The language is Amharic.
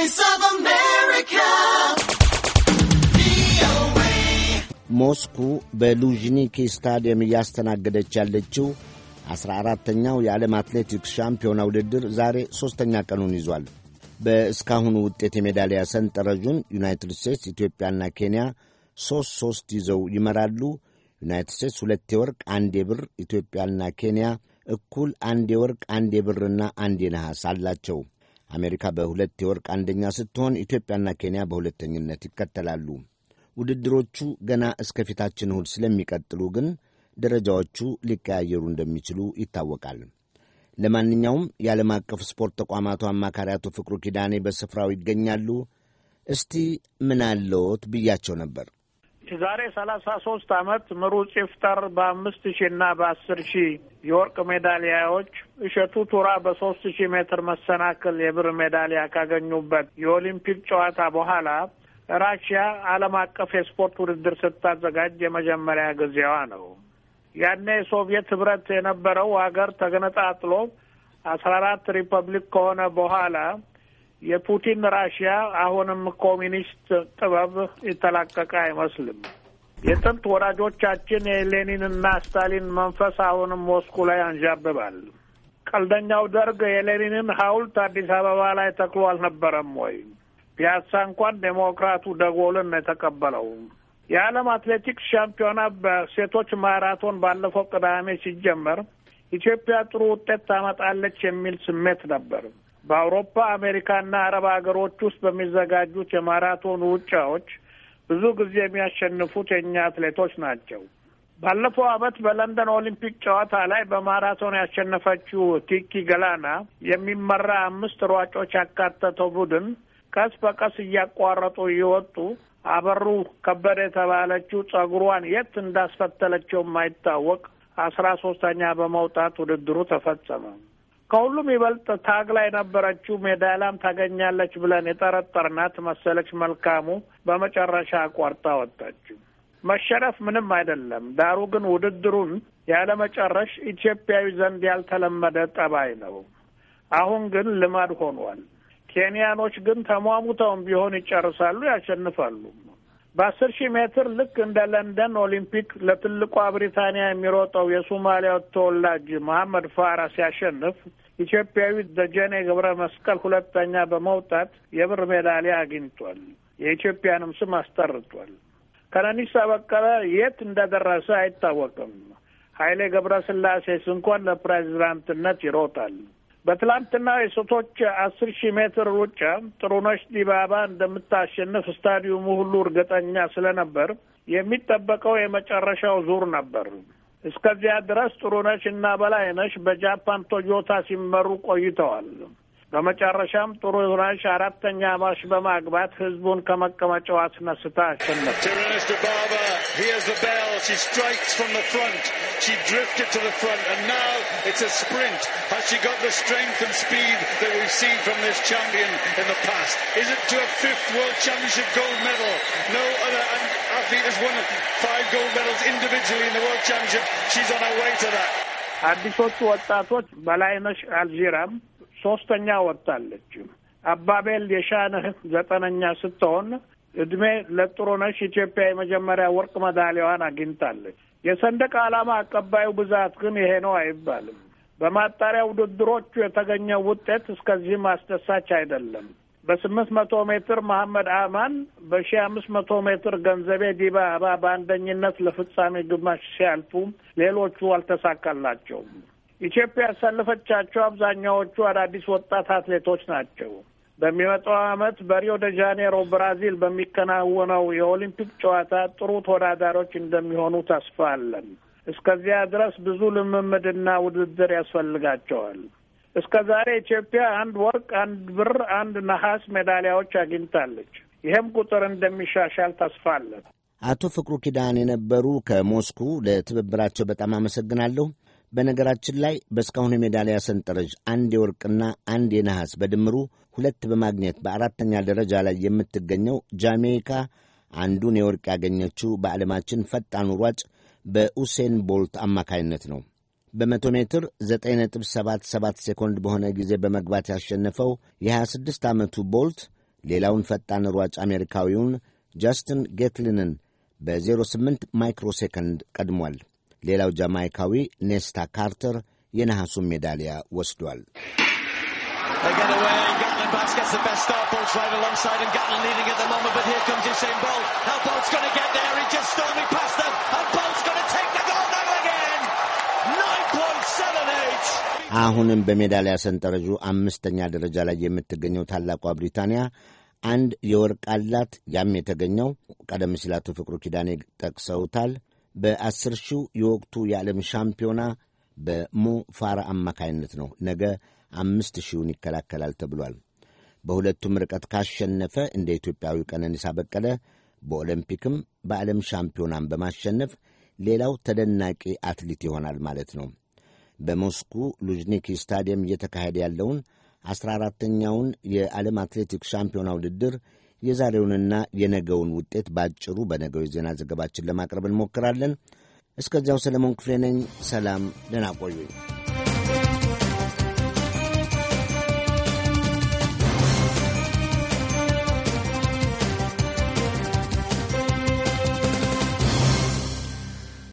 Voice of America. ሞስኩ በሉዥኒኪ ስታዲየም እያስተናገደች ያለችው አስራ አራተኛው የዓለም አትሌቲክስ ሻምፒዮና ውድድር ዛሬ ሦስተኛ ቀኑን ይዟል። በእስካሁኑ ውጤት የሜዳሊያ ሰንጠረዡን ዩናይትድ ስቴትስ፣ ኢትዮጵያና ኬንያ ሦስት ሦስት ይዘው ይመራሉ። ዩናይትድ ስቴትስ ሁለት የወርቅ አንድ የብር፣ ኢትዮጵያና ኬንያ እኩል አንድ የወርቅ አንድ የብርና አንድ የነሐስ አላቸው። አሜሪካ በሁለት የወርቅ አንደኛ ስትሆን ኢትዮጵያና ኬንያ በሁለተኝነት ይከተላሉ። ውድድሮቹ ገና እስከ ፊታችን እሁድ ስለሚቀጥሉ ግን ደረጃዎቹ ሊቀያየሩ እንደሚችሉ ይታወቃል። ለማንኛውም የዓለም አቀፍ ስፖርት ተቋማቱ አማካሪ አቶ ፍቅሩ ኪዳኔ በስፍራው ይገኛሉ። እስቲ ምን አለዎት ብያቸው ነበር። ዛሬ ሰላሳ ሶስት አመት ምሩጽ ይፍጠር በአምስት ሺ እና በአስር ሺ የወርቅ ሜዳሊያዎች እሸቱ ቱራ በሶስት ሺ ሜትር መሰናክል የብር ሜዳሊያ ካገኙበት የኦሊምፒክ ጨዋታ በኋላ ራሽያ ዓለም አቀፍ የስፖርት ውድድር ስታዘጋጅ የመጀመሪያ ጊዜዋ ነው። ያኔ የሶቪየት ህብረት የነበረው ሀገር ተገነጣጥሎ አስራ አራት ሪፐብሊክ ከሆነ በኋላ የፑቲን ራሽያ አሁንም ኮሚኒስት ጥበብ የተላቀቀ አይመስልም። የጥንት ወዳጆቻችን የሌኒንና ስታሊን መንፈስ አሁንም ሞስኩ ላይ አንዣብባል። ቀልደኛው ደርግ የሌኒንን ሐውልት አዲስ አበባ ላይ ተክሎ አልነበረም ወይ? ፒያሳ እንኳን ዴሞክራቱ ደጎልን የተቀበለው። የዓለም አትሌቲክስ ሻምፒዮና በሴቶች ማራቶን ባለፈው ቅዳሜ ሲጀመር ኢትዮጵያ ጥሩ ውጤት ታመጣለች የሚል ስሜት ነበር። በአውሮፓ አሜሪካና አረብ ሀገሮች ውስጥ በሚዘጋጁት የማራቶን ውጫዎች ብዙ ጊዜ የሚያሸንፉት የእኛ አትሌቶች ናቸው። ባለፈው አመት በለንደን ኦሊምፒክ ጨዋታ ላይ በማራቶን ያሸነፈችው ቲኪ ገላና የሚመራ አምስት ሯጮች ያካተተው ቡድን ቀስ በቀስ እያቋረጡ እየወጡ አበሩ ከበደ የተባለችው ጸጉሯን የት እንዳስፈተለችው የማይታወቅ አስራ ሶስተኛ በመውጣት ውድድሩ ተፈጸመ። ከሁሉም ይበልጥ ታግላ የነበረችው ሜዳሊያም ታገኛለች ብለን የጠረጠርናት መሰለች መልካሙ በመጨረሻ አቋርጣ ወጣች። መሸረፍ ምንም አይደለም። ዳሩ ግን ውድድሩን ያለመጨረሽ ኢትዮጵያዊ ዘንድ ያልተለመደ ጠባይ ነው። አሁን ግን ልማድ ሆኗል። ኬንያኖች ግን ተሟሙተውም ቢሆን ይጨርሳሉ፣ ያሸንፋሉ። በአስር ሺህ ሜትር ልክ እንደ ለንደን ኦሊምፒክ ለትልቋ ብሪታንያ የሚሮጠው የሶማሊያ ተወላጅ መሐመድ ፋራ ሲያሸንፍ ኢትዮጵያዊት ደጀኔ ገብረ መስቀል ሁለተኛ በመውጣት የብር ሜዳሊያ አግኝቷል። የኢትዮጵያንም ስም አስጠርቷል። ከነኒሳ በቀለ የት እንደደረሰ አይታወቅም። ኃይሌ ገብረ ስላሴስ እንኳን ለፕሬዚዳንትነት ይሮጣል። በትላንትና የሴቶች አስር ሺህ ሜትር ሩጫ ጥሩነሽ ዲባባ እንደምታሸንፍ ስታዲየሙ ሁሉ እርግጠኛ ስለነበር የሚጠበቀው የመጨረሻው ዙር ነበር። እስከዚያ ድረስ ጥሩነሽ እና በላይነሽ በጃፓን ቶዮታ ሲመሩ ቆይተዋል። በመጨረሻም ጥሩ ይሆናሽ አራተኛ ማሽ በማግባት ህዝቡን ከመቀመጫው አስነስታ አሸነፈ። አዲሶቹ ወጣቶች በላይነሽ አልዚራም ሶስተኛ ወጥታለችም። አባቤል የሻንህ ዘጠነኛ ስትሆን እድሜ ለጥሩነሽ ኢትዮጵያ የመጀመሪያ ወርቅ መዳሊያዋን አግኝታለች። የሰንደቅ ዓላማ አቀባዩ ብዛት ግን ይሄ ነው አይባልም። በማጣሪያ ውድድሮቹ የተገኘው ውጤት እስከዚህም አስደሳች አይደለም። በስምንት መቶ ሜትር መሐመድ አማን በሺ አምስት መቶ ሜትር ገንዘቤ አባ በአንደኝነት ለፍጻሜ ግማሽ ሲያልፉ ሌሎቹ አልተሳካላቸውም። ኢትዮጵያ ያሳለፈቻቸው አብዛኛዎቹ አዳዲስ ወጣት አትሌቶች ናቸው። በሚመጣው ዓመት በሪዮ ደ ጃኔሮ ብራዚል በሚከናወነው የኦሊምፒክ ጨዋታ ጥሩ ተወዳዳሪዎች እንደሚሆኑ ተስፋ አለን። እስከዚያ ድረስ ብዙ ልምምድና ውድድር ያስፈልጋቸዋል። እስከ ዛሬ ኢትዮጵያ አንድ ወርቅ፣ አንድ ብር፣ አንድ ነሐስ ሜዳሊያዎች አግኝታለች። ይህም ቁጥር እንደሚሻሻል ተስፋ አለን። አቶ ፍቅሩ ኪዳን የነበሩ ከሞስኩ ለትብብራቸው በጣም አመሰግናለሁ። በነገራችን ላይ በእስካሁን የሜዳሊያ ሰንጠረዥ አንድ የወርቅና አንድ የነሐስ በድምሩ ሁለት በማግኘት በአራተኛ ደረጃ ላይ የምትገኘው ጃሜይካ አንዱን የወርቅ ያገኘችው በዓለማችን ፈጣኑ ሯጭ በኡሴን ቦልት አማካይነት ነው። በመቶ ሜትር 9.77 ሴኮንድ በሆነ ጊዜ በመግባት ያሸነፈው የ26 ዓመቱ ቦልት ሌላውን ፈጣን ሯጭ አሜሪካዊውን ጃስትን ጌትሊንን በ08 ማይክሮ ሴኮንድ ቀድሟል። ሌላው ጃማይካዊ ኔስታ ካርተር የነሐሱን ሜዳሊያ ወስዷል። አሁንም በሜዳሊያ ሰንጠረዡ አምስተኛ ደረጃ ላይ የምትገኘው ታላቋ ብሪታንያ አንድ የወርቅ አላት። ያም የተገኘው ቀደም ሲል አቶ ፍቅሩ ኪዳኔ ጠቅሰውታል በአስር ሺው የወቅቱ የዓለም ሻምፒዮና በሞ ፋራ አማካይነት ነው ነገ አምስት ሺውን ይከላከላል ተብሏል። በሁለቱም ርቀት ካሸነፈ እንደ ኢትዮጵያዊ ቀነኒሳ በቀለ በኦሎምፒክም በዓለም ሻምፒዮናም በማሸነፍ ሌላው ተደናቂ አትሌት ይሆናል ማለት ነው። በሞስኩ ሉዥኒኪ ስታዲየም እየተካሄደ ያለውን ዐሥራ አራተኛውን የዓለም አትሌቲክስ ሻምፒዮና ውድድር የዛሬውንና የነገውን ውጤት ባጭሩ በነገው የዜና ዘገባችን ለማቅረብ እንሞክራለን። እስከዚያው ሰለሞን ክፍሌ ነኝ። ሰላም፣ ደህና ቆዩኝ።